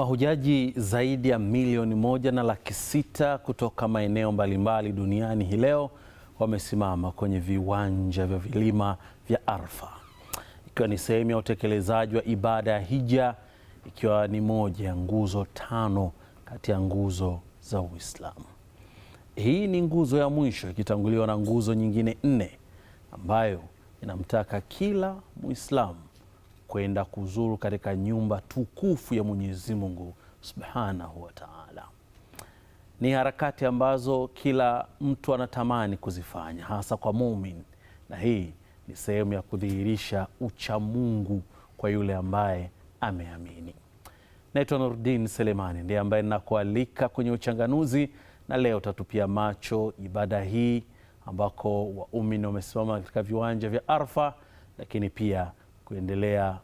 Mahujaji zaidi ya milioni moja na laki sita kutoka maeneo mbalimbali duniani hii leo wamesimama kwenye viwanja vya vilima vya Arfa ikiwa ni sehemu ya utekelezaji wa ibada ya hija, ikiwa ni moja ya nguzo tano kati ya nguzo za Uislamu. Hii ni nguzo ya mwisho ikitanguliwa na nguzo nyingine nne ambayo inamtaka kila Muislamu kwenda kuzuru katika nyumba tukufu ya Mwenyezi Mungu Subhanahu wa Ta'ala. Ni harakati ambazo kila mtu anatamani kuzifanya hasa kwa mumin, na hii ni sehemu ya kudhihirisha uchamungu kwa yule ambaye ameamini. Naitwa Nurdin Selemani, ndiye ambaye ninakualika kwenye Uchanganuzi, na leo tatupia macho ibada hii ambako waumini wamesimama katika viwanja vya Arfa, lakini pia kuendelea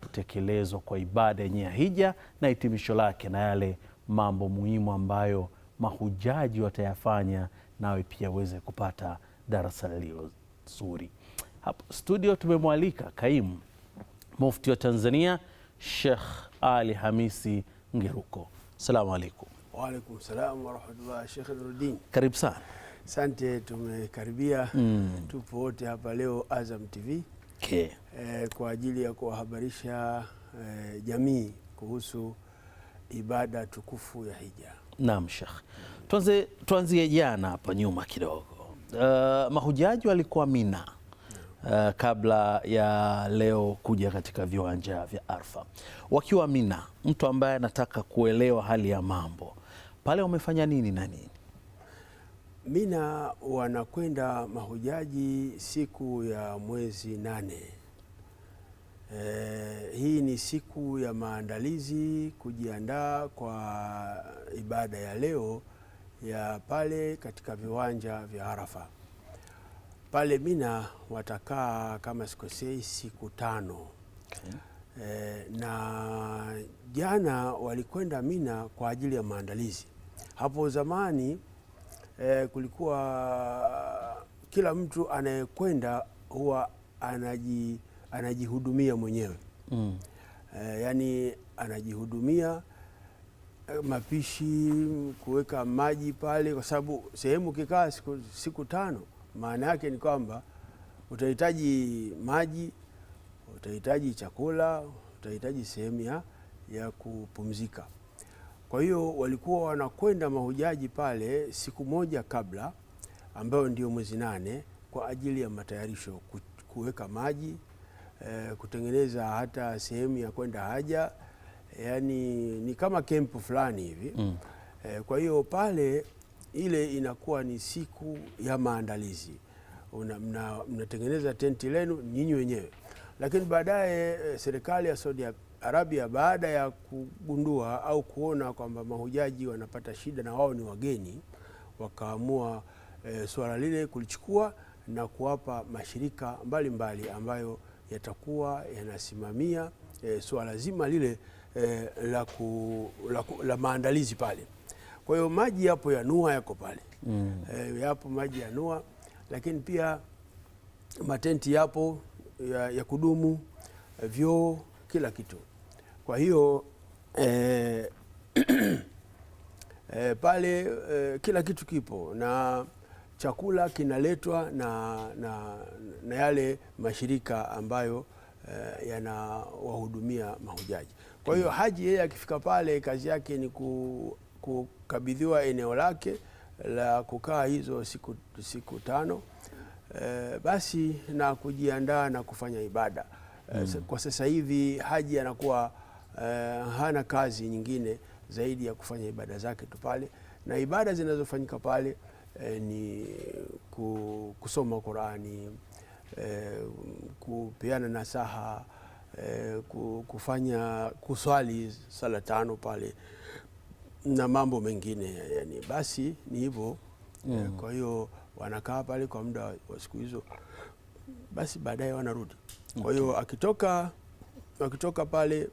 kutekelezwa kwa ibada yenye ya hija na hitimisho lake na yale mambo muhimu ambayo mahujaji watayafanya, nawe pia uweze kupata darasa lilo zuri. Hapo studio tumemwalika kaimu mufti wa Tanzania shekh Ali Hamisi Ngeruko. salamu alaykum. Wa alaykum karibu sana. Asante, tumekaribia mm. Tupo wote hapa leo Azam TV okay. E, eh, kwa ajili ya kuwahabarisha e, jamii kuhusu ibada tukufu ya hija. Naam, Sheikh, tuanze tuanzie jana hapa nyuma kidogo. Uh, mahujaji walikuwa Mina uh, kabla ya leo kuja katika viwanja vya Arfa. Wakiwa Mina, mtu ambaye anataka kuelewa hali ya mambo pale wamefanya nini na nini? Mina wanakwenda mahujaji siku ya mwezi nane. E, hii ni siku ya maandalizi kujiandaa kwa ibada ya leo ya pale katika viwanja vya Arafa pale Mina watakaa kama sikosei siku tano. Okay. E, na jana walikwenda Mina kwa ajili ya maandalizi hapo zamani eh, kulikuwa kila mtu anayekwenda huwa anaji, anajihudumia mwenyewe mm. eh, yani anajihudumia eh, mapishi, kuweka maji pale, kwa sababu sehemu kikaa siku, siku tano, maana yake ni kwamba utahitaji maji, utahitaji chakula, utahitaji sehemu ya kupumzika. Kwa hiyo walikuwa wanakwenda mahujaji pale siku moja kabla, ambayo ndio mwezi nane, kwa ajili ya matayarisho, kuweka maji eh, kutengeneza hata sehemu ya kwenda haja, yaani ni kama kempu fulani hivi mm. Eh, kwa hiyo pale ile inakuwa ni siku ya maandalizi, mnatengeneza mna tenti lenu nyinyi wenyewe lakini baadaye eh, serikali ya Saudi Arabia baada ya kugundua au kuona kwamba mahujaji wanapata shida na wao ni wageni, wakaamua e, eh, suala lile kulichukua na kuwapa mashirika mbalimbali mbali ambayo yatakuwa yanasimamia e, eh, suala zima lile e, la, ku, la, ku, la maandalizi pale. Kwa hiyo maji yapo ya Nua yako pale mm. E, yapo maji ya Nua, lakini pia matenti yapo ya, ya kudumu, eh, vyoo, kila kitu. Kwa hiyo eh, eh, pale eh, kila kitu kipo na chakula kinaletwa na, na, na yale mashirika ambayo eh, yanawahudumia mahujaji. Kwa hiyo haji yeye akifika pale kazi yake ni ku, kukabidhiwa eneo lake la kukaa hizo siku, siku tano e, basi na kujiandaa na kufanya ibada e, mm. Kwa sasa hivi Haji anakuwa e, hana kazi nyingine zaidi ya kufanya ibada zake tu pale, na ibada zinazofanyika pale e, ni kusoma Qurani e, kupeana nasaha e, kufanya kuswali sala tano pale na mambo mengine yani, basi ni hivyo mm. Kwa hiyo wanakaa pale kwa muda wa siku hizo, basi baadaye wanarudi. Kwa hiyo okay. akitoka wakitoka pale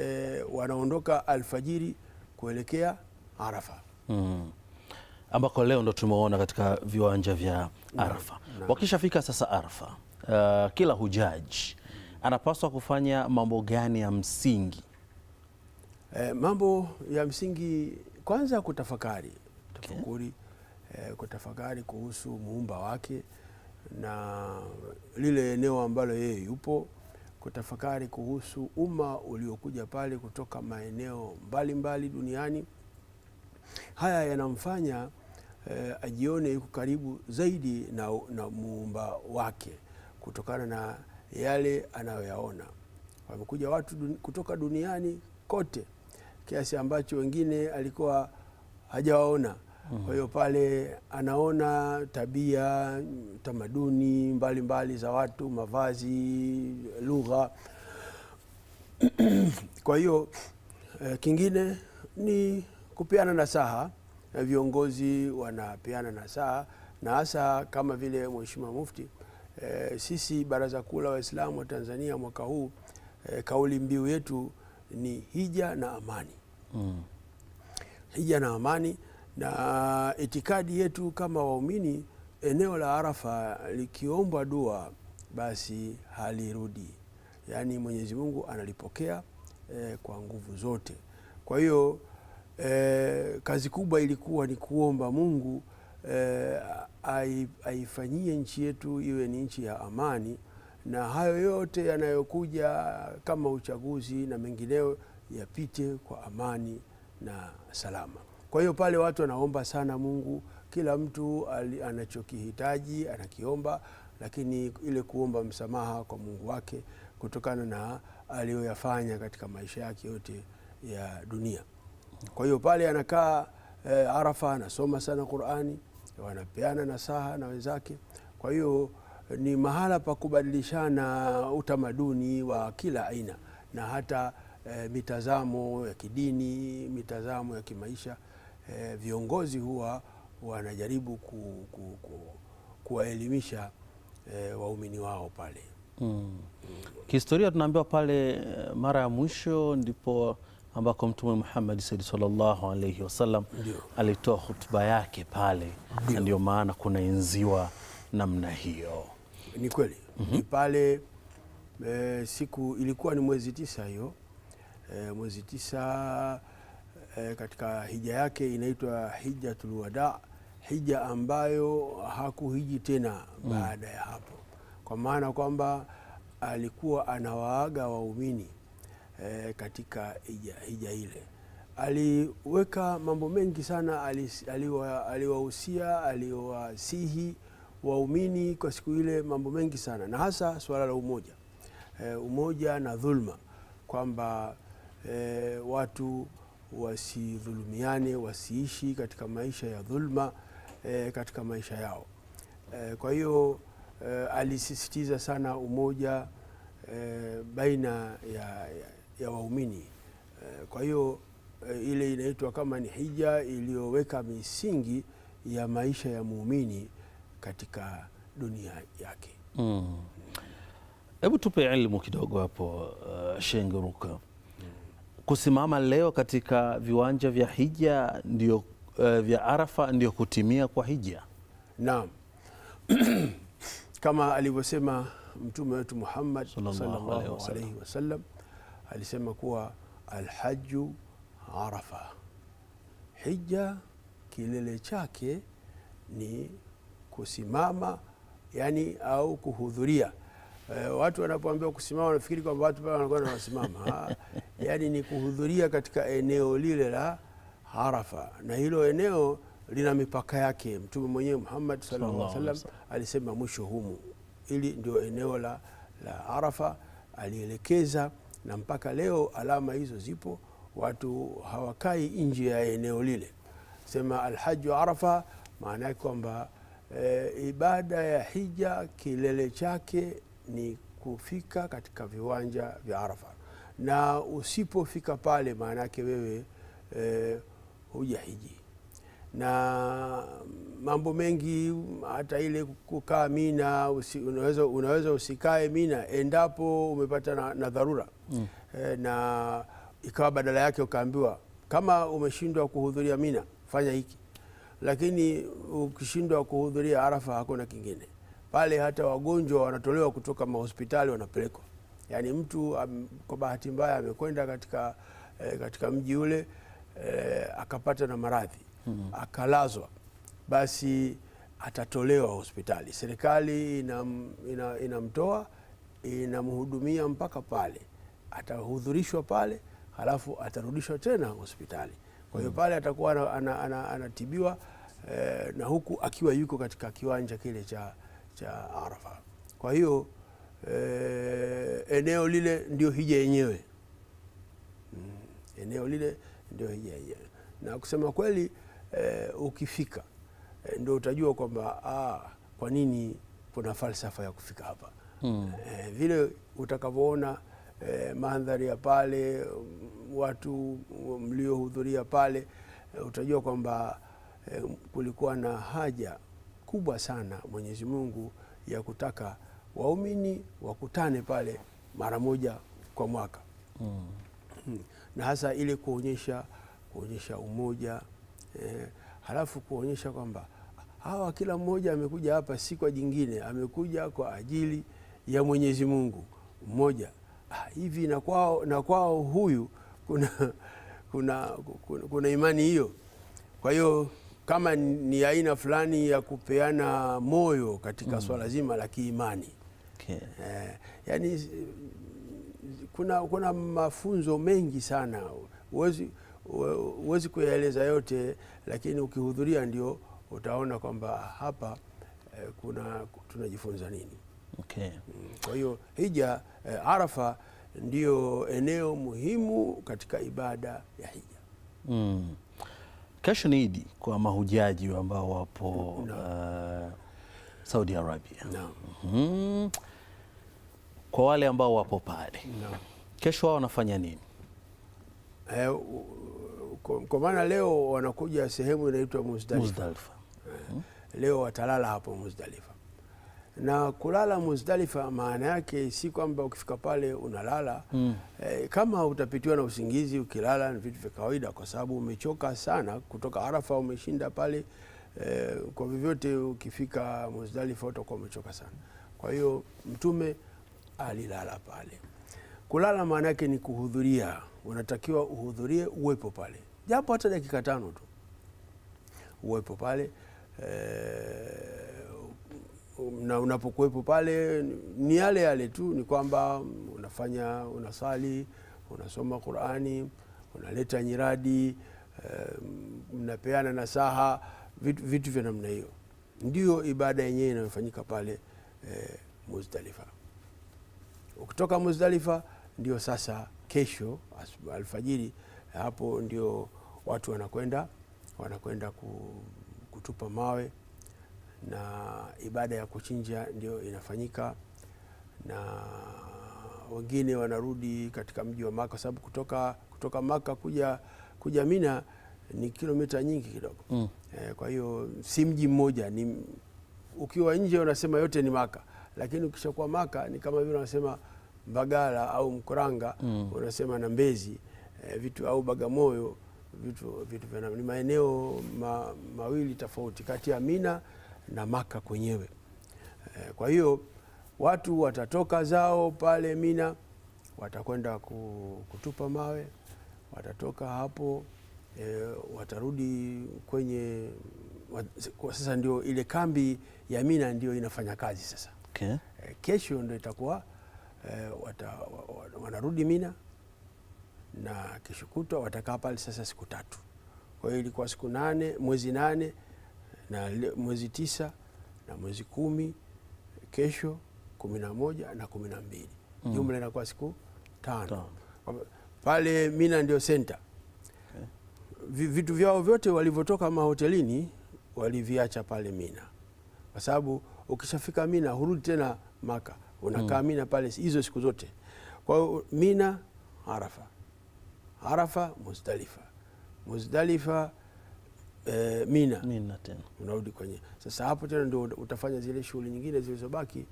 e, wanaondoka alfajiri kuelekea Arafa mm. ambako leo ndo tumeona katika viwanja vya Arafa na, na. Wakishafika sasa Arafa, uh, kila hujaji anapaswa kufanya mambo gani ya msingi? E, mambo ya msingi kwanza kutafakari, tafakuri okay. Eh, kutafakari kuhusu muumba wake na lile eneo ambalo yeye yupo, kutafakari kuhusu umma uliokuja pale kutoka maeneo mbalimbali mbali duniani. Haya yanamfanya eh, ajione yuko karibu zaidi na, na muumba wake kutokana na yale anayoyaona. Wamekuja watu dun, kutoka duniani kote kiasi ambacho wengine alikuwa hajawaona kwa hiyo pale anaona tabia, tamaduni mbalimbali za watu, mavazi, lugha kwa hiyo eh, kingine ni kupeana nasaha. Viongozi wanapeana nasaha na hasa kama vile Mheshimiwa Mufti e, sisi Baraza Kuu la Waislamu wa Tanzania mwaka huu e, kauli mbiu yetu ni hija na amani mm. Hija na amani na itikadi yetu kama waumini, eneo la Arafa likiombwa dua basi halirudi, yaani Mwenyezi Mungu analipokea eh, kwa nguvu zote. Kwa hiyo eh, kazi kubwa ilikuwa ni kuomba Mungu eh, aifanyie nchi yetu iwe ni nchi ya amani, na hayo yote yanayokuja kama uchaguzi na mengineo yapite kwa amani na salama. Kwa hiyo pale watu wanaomba sana Mungu, kila mtu anachokihitaji anakiomba, lakini ile kuomba msamaha kwa Mungu wake kutokana na aliyoyafanya katika maisha yake yote ya dunia. Kwa hiyo pale anakaa e, Arafa anasoma sana Qurani, wanapeana nasaha na wenzake. Kwa hiyo eh, ni mahala pa kubadilishana utamaduni wa kila aina na hata e, mitazamo ya kidini, mitazamo ya kimaisha e, viongozi huwa wanajaribu ku, ku, ku, kuwaelimisha e, waumini wao pale mm. Mm. Kihistoria tunaambiwa pale eh, mara ya mwisho ndipo ambako Mtume Muhammad sallallahu alaihi wasallam alitoa hutuba yake pale, na ndio maana kunaenziwa namna hiyo. Ni kweli mm -hmm. Ni pale e, siku ilikuwa ni mwezi tisa hiyo e, mwezi tisa e, katika hija yake inaitwa hijatulwada wada, hija ambayo hakuhiji tena mm. baada ya hapo, kwa maana kwamba alikuwa anawaaga waumini e, katika hija, hija ile aliweka mambo mengi sana, aliwahusia ali aliwasihi waumini kwa siku ile mambo mengi sana, na hasa suala la umoja e, umoja na dhulma kwamba e, watu wasidhulumiane, wasiishi katika maisha ya dhulma e, katika maisha yao. E, kwa hiyo e, alisisitiza sana umoja e, baina ya, ya, ya waumini e, kwa hiyo e, ile inaitwa kama ni hija iliyoweka misingi ya maisha ya muumini katika dunia yake. Mm. Hebu mm. tupe elimu kidogo hapo, uh, Shenge kusimama leo katika viwanja vya hija ndio, uh, vya Arafa ndio kutimia kwa hija. Naam. Kama alivyosema mtume wetu Muhammad sallallahu alaihi wasallam alisema kuwa alhaju Arafa, hija kilele chake ni kusimama yani au kuhudhuria Eh, watu wanapoambiwa kusimama wanafikiri kwamba watu pale wanakuwa wanasimama, ah, yaani ni kuhudhuria katika eneo lile la Arafa, na hilo eneo lina mipaka yake. Mtume mwenyewe Muhammad sallallahu alaihi wasallam alisema mwisho humu, ili ndio eneo la, la Arafa alielekeza, na mpaka leo alama hizo zipo, watu hawakai nje ya eneo lile. Sema alhaju Arafa, maana yake kwamba e, ibada ya hija kilele chake ni kufika katika viwanja vya Arafa, na usipofika pale maana yake wewe e, hujahiji na mambo mengi hata ile kukaa Mina usi, unaweza, unaweza usikae Mina endapo umepata na, na dharura mm. E, na ikawa badala yake ukaambiwa kama umeshindwa kuhudhuria Mina fanya hiki, lakini ukishindwa kuhudhuria Arafa hakuna kingine pale hata wagonjwa wanatolewa kutoka mahospitali wanapelekwa. Yaani mtu am, kwa bahati mbaya amekwenda katika, eh, katika mji ule eh, akapata na maradhi hmm. akalazwa, basi atatolewa hospitali, serikali inamtoa ina, ina inamhudumia mpaka pale atahudhurishwa pale, halafu atarudishwa tena hospitali. Kwa hiyo hmm. pale atakuwa anatibiwa ana, ana, ana eh, na huku akiwa yuko katika kiwanja kile cha cha Arafa. Kwa hiyo e, eneo lile ndio hija yenyewe mm, eneo lile ndio hija yenyewe, na kusema kweli e, ukifika e, ndio utajua kwamba ah, kwa nini kuna falsafa ya kufika hapa mm. E, vile utakavyoona e, mandhari ya pale, watu mliohudhuria pale e, utajua kwamba e, kulikuwa na haja kubwa sana Mwenyezi Mungu ya kutaka waumini wakutane pale mara moja kwa mwaka mm. Hmm. na hasa ili kuonyesha kuonyesha umoja eh, halafu kuonyesha kwamba hawa kila mmoja amekuja hapa si kwa jingine, amekuja kwa ajili ya Mwenyezi Mungu mmoja ah, hivi na kwao, na kwao huyu kuna, kuna, kuna, kuna imani hiyo, kwa hiyo kama ni aina fulani ya kupeana moyo katika mm. swala zima la kiimani okay. Eh, yani kuna, kuna mafunzo mengi sana huwezi huwezi kuyaeleza yote, lakini ukihudhuria ndio utaona kwamba hapa eh, kuna tunajifunza nini okay. Mm, kwa hiyo hija eh, Arafa ndio eneo muhimu katika ibada ya hija mm. Kesho ni Idi kwa mahujaji ambao wapo no. uh, Saudi Arabia no. mm -hmm. Kwa wale ambao wapo pale no. Kesho wao wanafanya nini? Eh, kwa maana leo wanakuja sehemu inaitwa Muzdalifa, Muzdalifa. Eh, leo watalala hapo Muzdalifa na kulala Muzdalifa maana yake si kwamba ukifika pale unalala mm. E, kama utapitiwa na usingizi ukilala ni vitu vya kawaida, kwa sababu umechoka sana kutoka Arafa, umeshinda pale e, kwa vyovyote ukifika Muzdalifa utakuwa umechoka sana. Kwa hiyo Mtume alilala pale. Kulala maana yake ni kuhudhuria, unatakiwa uhudhurie, uwepo pale japo hata dakika tano tu, uwepo pale e, na unapokuwepo pale ni yale yale tu, ni kwamba unafanya unasali, unasoma Qurani, unaleta nyiradi, eh, mnapeana na nasaha, vitu, vitu vya namna hiyo ndiyo ibada yenyewe inayofanyika pale eh, Muzdalifa. Ukitoka Muzdalifa ndio sasa kesho alfajiri hapo ndio watu wanakwenda wanakwenda kutupa mawe na ibada ya kuchinja ndio inafanyika, na wengine wanarudi katika mji wa Maka sababu kutoka, kutoka Maka kuja, kuja Mina ni kilomita nyingi kidogo mm. E, kwa hiyo si mji mmoja ni, ukiwa nje unasema yote ni Maka, lakini ukishakuwa Maka ni kama vile unasema Mbagala au Mkuranga mm. unasema na Mbezi e, vitu au Bagamoyo vitu, vitu ni maeneo ma, mawili tofauti kati ya Mina na Maka kwenyewe. Eh, kwa hiyo watu watatoka zao pale Mina, watakwenda kutupa mawe, watatoka hapo e, watarudi kwenye kwa sasa ndio ile kambi ya Mina ndio inafanya kazi sasa. Okay. E, kesho ndio itakuwa e, wanarudi Mina na kesho kutwa watakaa pale sasa siku tatu. Kwa hiyo ilikuwa siku nane, mwezi nane na mwezi tisa na mwezi kumi kesho kumi na moja na kumi na mbili mm. jumla inakuwa siku tano pale Mina ndio senta okay. Eh. vitu vyao vyote walivyotoka mahotelini waliviacha pale Mina kwa sababu ukishafika Mina hurudi tena Maka unakaa mm. Mina pale hizo siku zote. Kwa hiyo Mina Arafa, Arafa Muzdalifa, Muzdalifa e, Mina, Mina tena unarudi kwenye sasa, hapo tena ndio utafanya zile shughuli nyingine zilizobaki,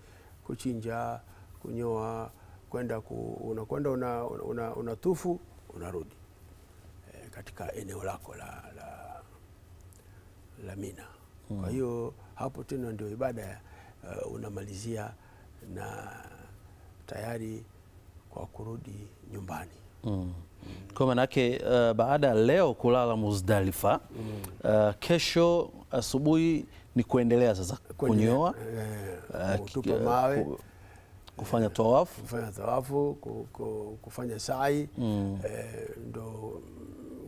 kuchinja, kunyoa, kwenda ku, unakwenda una, una, una tufu unarudi e, katika eneo lako la, la, la Mina hmm. Kwa hiyo hapo tena ndio ibada uh, unamalizia na tayari kwa kurudi nyumbani hmm. Kwa manake uh, baada ya leo kulala Muzdalifa uh, kesho asubuhi ni kuendelea sasa kunyoa eh, kutupa mawe kufanya tawafu kufanya tawafu kufanya sai mm. eh, ndo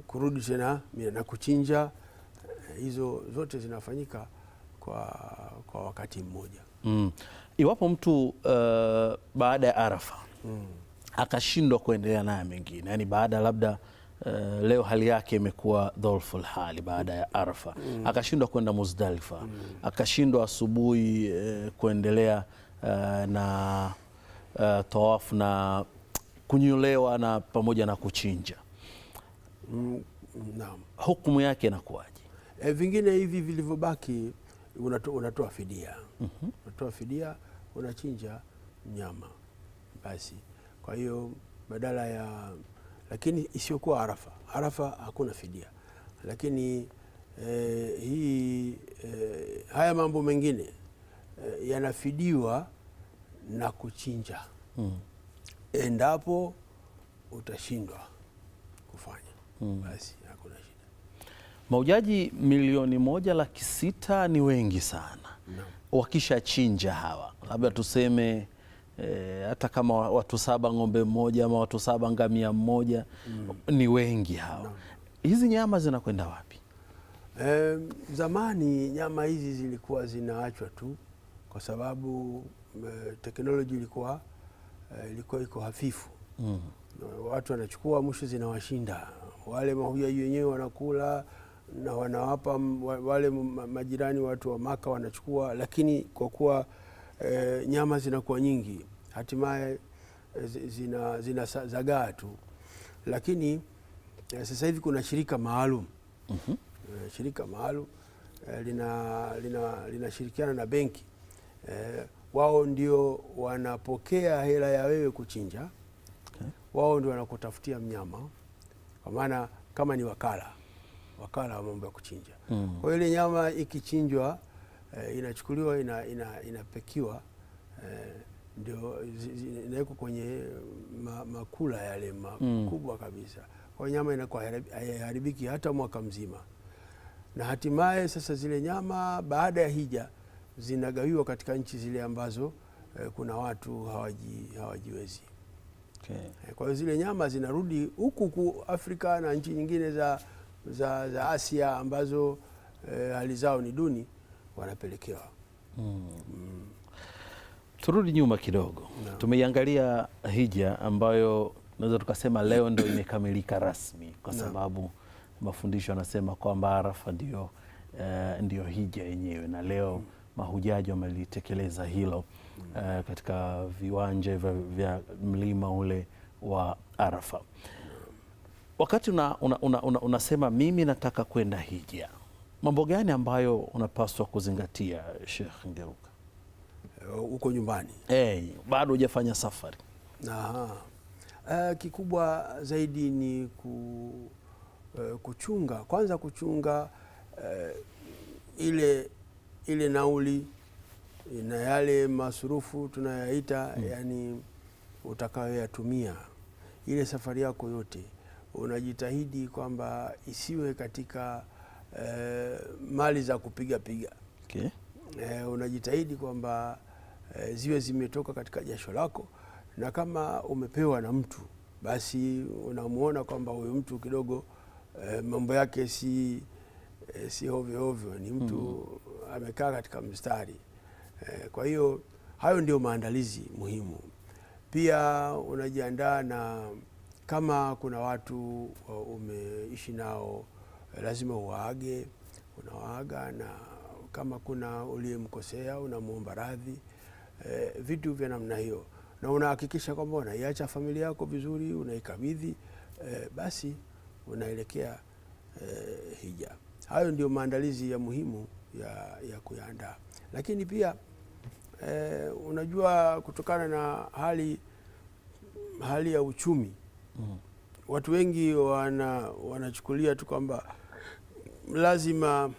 kurudi tena na kuchinja hizo zote zinafanyika kwa, kwa wakati mmoja mm. Iwapo mtu uh, baada ya Arafa mm akashindwa kuendelea naye mengine, yani baada labda Uh, leo hali yake imekuwa dholful hali baada ya Arafa mm. akashindwa kwenda Muzdalifa mm. akashindwa asubuhi uh, kuendelea uh, na uh, tawafu na kunyolewa na pamoja na kuchinja mm. Naam. Hukumu yake inakuwaje? E, vingine hivi vilivyobaki unatoa, unato fidia mm -hmm. unatoa fidia, unachinja mnyama basi kwa hiyo badala ya lakini isiyokuwa Arafa, Arafa hakuna fidia, lakini eh, hii eh, haya mambo mengine eh, yanafidiwa na kuchinja mm. endapo utashindwa kufanya mm. basi hakuna shida. Maujaji milioni moja laki sita ni wengi sana no. Wakishachinja hawa labda tuseme E, hata kama watu saba ng'ombe mmoja ama watu saba ngamia mmoja mm. Ni wengi hawa no. Hizi nyama zinakwenda wapi? E, zamani nyama hizi zilikuwa zinaachwa tu kwa sababu e, teknoloji ilikuwa e, ilikuwa iko hafifu mm. Watu wanachukua mwisho zinawashinda wale mahujaji wenyewe wanakula na wanawapa wale majirani watu wa Maka wanachukua, lakini kwa kuwa e, nyama zinakuwa nyingi, hatimaye eh, zina, zina zagaa tu. Lakini e, sasa hivi kuna shirika maalum mm -hmm. e, shirika maalum e, linashirikiana lina, lina na benki e, wao ndio wanapokea hela ya wewe kuchinja okay. Wao ndio wanakutafutia mnyama, kwa maana kama ni wakala wakala wa mambo ya kuchinja mm. Kwa hiyo ile nyama ikichinjwa eh, inachukuliwa ina, ina, inapekiwa eh, ndio inawekwa kwenye ma, makula yale mm. makubwa mm. kabisa. Kwa nyama inakuwa haiharibiki hata mwaka mzima, na hatimaye sasa zile nyama baada ya hija zinagawiwa katika nchi zile ambazo eh, kuna watu hawaji, hawajiwezi okay. Eh, kwa hiyo zile nyama zinarudi huku ku Afrika na nchi nyingine za, za, za Asia ambazo eh, hali zao ni duni wanapelekewa mm. Mm. Turudi nyuma kidogo no. Tumeiangalia hija ambayo naweza tukasema leo ndo imekamilika rasmi kwa sababu no. Mafundisho yanasema kwamba Arafa ndio uh, ndio hija yenyewe na leo mm. mahujaji wamelitekeleza hilo mm. uh, katika viwanja vya, vya mlima ule wa Arafa wakati una, una, una, una, unasema mimi nataka kwenda hija mambo gani ambayo unapaswa kuzingatia Sheikh ngeruka huko uh, nyumbani? Hey, eh, bado hujafanya safari. Aha. Uh, kikubwa zaidi ni ku, uh, kuchunga kwanza, kuchunga uh, ile, ile nauli na yale masurufu tunayaita hmm. Yani utakayoyatumia ile safari yako yote unajitahidi kwamba isiwe katika eh, mali za kupiga piga okay. Eh, unajitahidi kwamba eh, ziwe zimetoka katika jasho lako, na kama umepewa na mtu basi unamwona kwamba huyu mtu kidogo eh, mambo yake si eh, si hovyo hovyo, ni mtu mm -hmm. amekaa katika mstari eh, kwa hiyo hayo ndio maandalizi muhimu. Pia unajiandaa na kama kuna watu umeishi nao lazima uwaage, unawaaga na kama kuna uliyemkosea unamwomba radhi e, vitu vya namna hiyo, na unahakikisha kwamba unaiacha familia yako vizuri, unaikabidhi e, basi unaelekea e, hija. Hayo ndio maandalizi ya muhimu ya, ya kuyaandaa, lakini pia e, unajua kutokana na hali hali ya uchumi mm. Watu wengi wana, wanachukulia tu kwamba lazima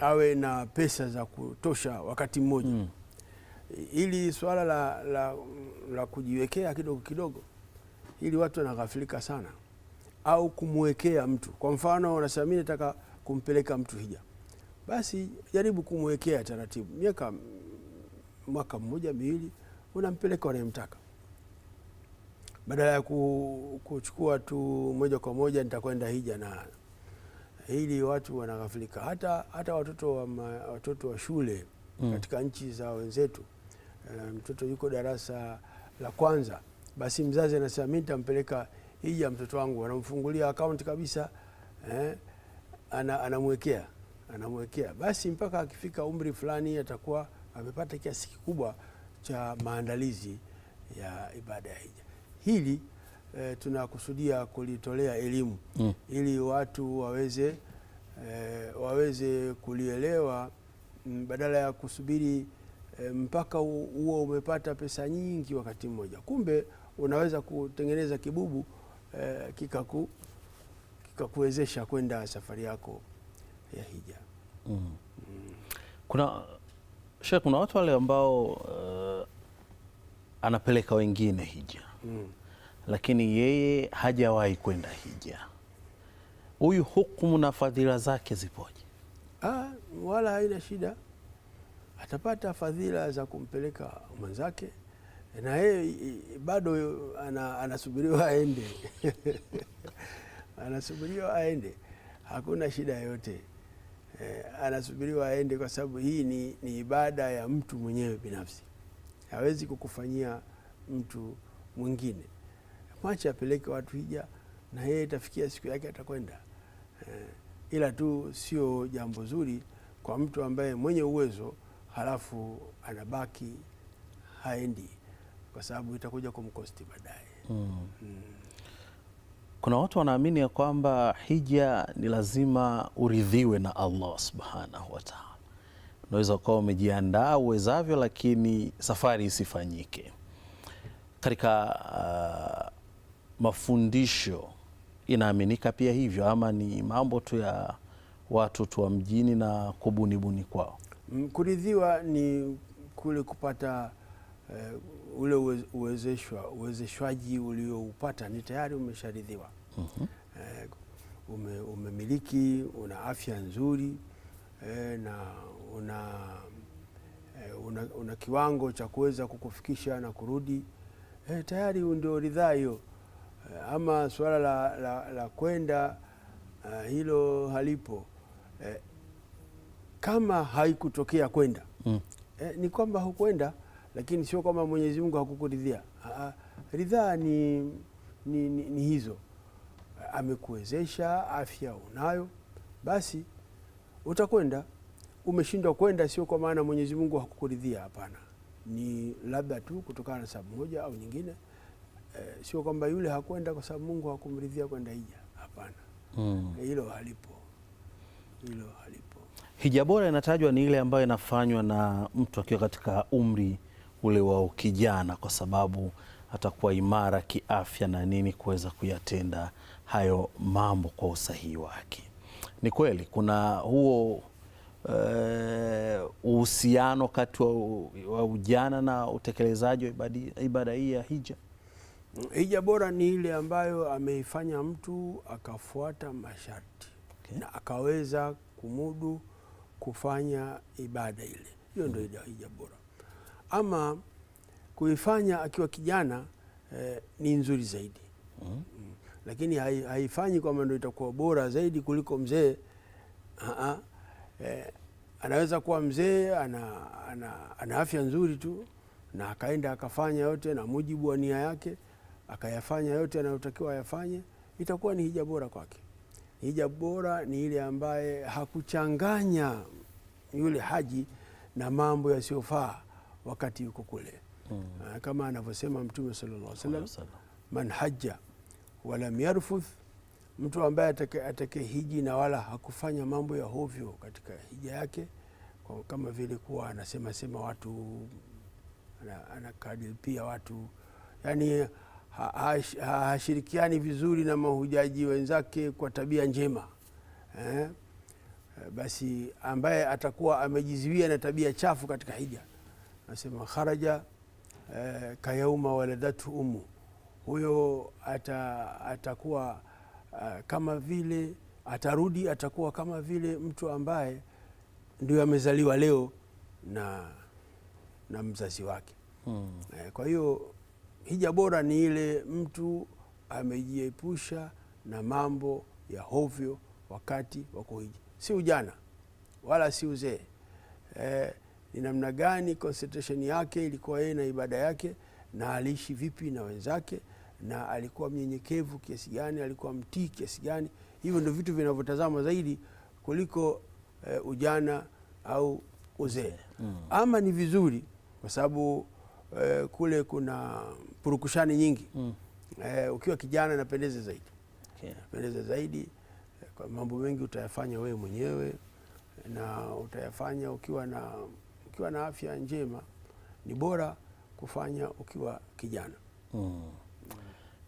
awe na pesa za kutosha wakati mmoja mm. Ili swala la, la, la kujiwekea kidogo kidogo, ili watu wanaghafilika sana, au kumwekea mtu. Kwa mfano, anasema mimi nataka kumpeleka mtu hija, basi jaribu kumwekea taratibu, miaka mwaka mmoja miwili, unampeleka unayemtaka, badala ya kuchukua tu moja kwa moja nitakwenda hija na hili watu wanaghafilika. Hata, hata watoto wa, ma, watoto wa shule mm. katika nchi za wenzetu eh, mtoto um, yuko darasa la kwanza, basi mzazi anasema mimi nitampeleka hija mtoto wangu, anamfungulia akaunti kabisa eh, ana, anamwekea anamwekea basi mpaka akifika umri fulani atakuwa amepata kiasi kikubwa cha maandalizi ya ibada ya hija hili e, tunakusudia kulitolea elimu mm. ili watu waweze e, waweze kulielewa mm, badala ya kusubiri e, mpaka huo umepata pesa nyingi wakati mmoja. Kumbe unaweza kutengeneza kibubu e, kikaku kikakuwezesha kwenda safari yako ya hija mm. Mm. Kuna Sheikh, kuna watu wale ambao uh, anapeleka wengine hija mm lakini yeye hajawahi kwenda hija. Huyu hukumu na fadhila zake zipoje? Ah, wala haina shida, atapata fadhila za kumpeleka mwenzake na yeye bado ana, anasubiriwa aende anasubiriwa aende, hakuna shida yoyote eh, anasubiriwa aende, kwa sababu hii ni, ni ibada ya mtu mwenyewe binafsi, hawezi kukufanyia mtu mwingine mwache apeleke watu hija, na yeye itafikia siku yake atakwenda. Eh, ila tu sio jambo zuri kwa mtu ambaye mwenye uwezo halafu anabaki haendi, kwa sababu itakuja kumkosti baadaye mm. mm. Kuna watu wanaamini ya kwamba hija ni lazima uridhiwe na Allah subhanahu wataala Unaweza ukawa umejiandaa uwezavyo, lakini safari isifanyike katika uh, mafundisho inaaminika pia hivyo, ama ni mambo tu ya watu tu wa mjini na kubunibuni kwao? Mm, kuridhiwa ni kule kupata uh, ule uwezeshwa uwezeshwaji ulioupata ni tayari umesharidhiwa. uh -huh. Uh, ume, umemiliki, una afya nzuri uh, na una eh, una, una kiwango cha kuweza kukufikisha na kurudi uh, tayari ndio ridhaa hiyo. Eh, ama suala la, la, la kwenda uh, hilo halipo eh, kama haikutokea kwenda mm. eh, ni kwamba hukwenda, lakini sio kwamba Mwenyezi Mungu hakukuridhia. Ah, ah, ridhaa ni, ni, ni, ni hizo, eh, amekuwezesha afya unayo, basi utakwenda. Umeshindwa kwenda, sio kwa maana Mwenyezi Mungu hakukuridhia, hapana, ni labda tu kutokana na sababu moja au nyingine. Eh, sio kwamba yule hakwenda kwa sababu Mungu hakumridhia kwenda hija. Hapana, mm. halipo, hilo halipo. Hija bora inatajwa ni ile ambayo inafanywa na mtu akiwa katika umri ule wa ukijana, kwa sababu atakuwa imara kiafya na nini kuweza kuyatenda hayo mambo kwa usahihi wake. Ni kweli kuna huo eh, uhusiano kati wa ujana na utekelezaji wa ibada hii ya hija. Hija bora ni ile ambayo ameifanya mtu akafuata masharti okay. na akaweza kumudu kufanya ibada ile, hiyo ndio mm. hija bora. Ama kuifanya akiwa kijana eh, ni nzuri zaidi mm mm. lakini haifanyi kwamba ndio itakuwa bora zaidi kuliko mzee eh, anaweza kuwa mzee ana, ana, ana afya nzuri tu na akaenda akafanya yote na mujibu wa nia yake akayafanya yote anayotakiwa ayafanye, itakuwa ni hija bora kwake. Hija bora ni ile ambaye hakuchanganya yule haji na mambo yasiyofaa wakati yuko kule mm. Kama anavyosema Mtume sallallahu alaihi wasallam, man haja walam yarfuth, mtu ambaye atake hiji na wala hakufanya mambo ya hovyo katika hija yake, kwa kama vile kuwa anasemasema watu, ana watu yani hashirikiani vizuri na mahujaji wenzake kwa tabia njema eh? Basi ambaye atakuwa amejiziwia na tabia chafu katika hija, nasema kharaja eh, kayauma waladathu umu huyo ata, atakuwa uh, kama vile atarudi, atakuwa kama vile mtu ambaye ndio amezaliwa leo na, na mzazi wake hmm. eh, kwa hiyo Hija bora ni ile mtu amejiepusha na mambo ya hovyo wakati wa kuhiji, si ujana wala si uzee. Eh, ni namna gani concentration yake ilikuwa yeye na ibada yake, na aliishi vipi na wenzake, na alikuwa mnyenyekevu kiasi gani, alikuwa mtii kiasi gani. Hivyo ndio vitu vinavyotazama zaidi kuliko eh, ujana au uzee mm. Ama ni vizuri kwa sababu eh, kule kuna purukushani nyingi mm. Eh, ukiwa kijana inapendeza zaidi okay. Inapendeza zaidi eh, kwa mambo mengi utayafanya wewe mwenyewe na utayafanya ukiwa na, ukiwa na afya njema. Ni bora kufanya ukiwa kijana mm.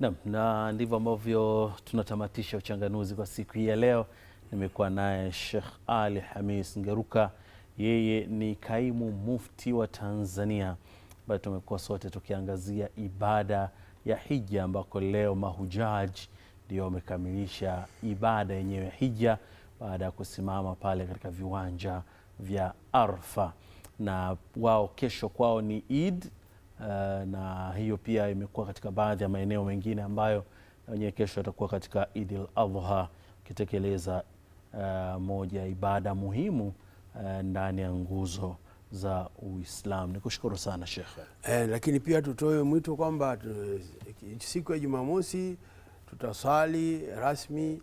Naam, na ndivyo ambavyo tunatamatisha uchanganuzi kwa siku hii ya leo. Nimekuwa naye Sheikh Ali Hamis Ngeruka, yeye ni kaimu mufti wa Tanzania ambayo tumekuwa sote tukiangazia ibada ya hija, ambako leo mahujaji ndio wamekamilisha ibada yenyewe ya hija baada ya kusimama pale katika viwanja vya Arfa, na wao kesho kwao ni Eid. Uh, na hiyo pia imekuwa katika baadhi ya maeneo mengine ambayo wenyewe kesho watakuwa katika Eid al-Adha ukitekeleza uh, moja ibada muhimu uh, ndani ya nguzo za Uislamu. Nikushukuru sana shekh Eh, lakini pia tutoe mwito kwamba eh, siku ya Jumamosi tutaswali rasmi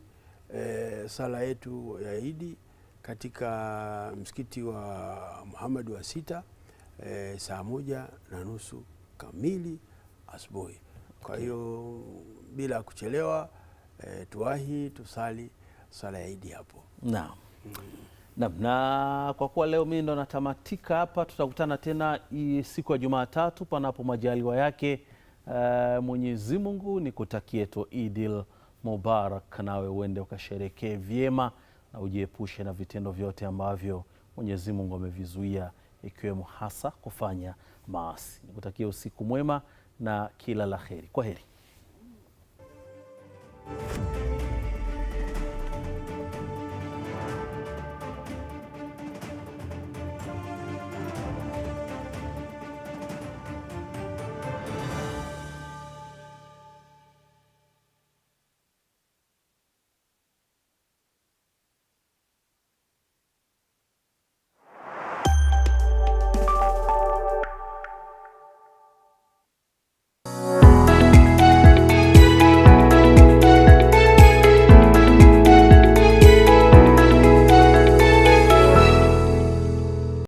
eh, sala yetu ya Idi katika msikiti wa Muhammad wa sita eh, saa moja na nusu kamili asubuhi. Kwa hiyo okay, bila kuchelewa eh, tuwahi tusali sala ya Idi hapo. Naam. Mm. Na, na kwa kuwa leo mimi ndo natamatika hapa, tutakutana tena siku ya Jumatatu panapo majaliwa yake uh, Mwenyezi Mungu ni kutakie to Idil Mubarak, nawe uende ukasherekee vyema na ujiepushe na vitendo vyote ambavyo Mwenyezi Mungu amevizuia ikiwemo hasa kufanya maasi. Nikutakie usiku mwema na kila la heri. Kwa heri.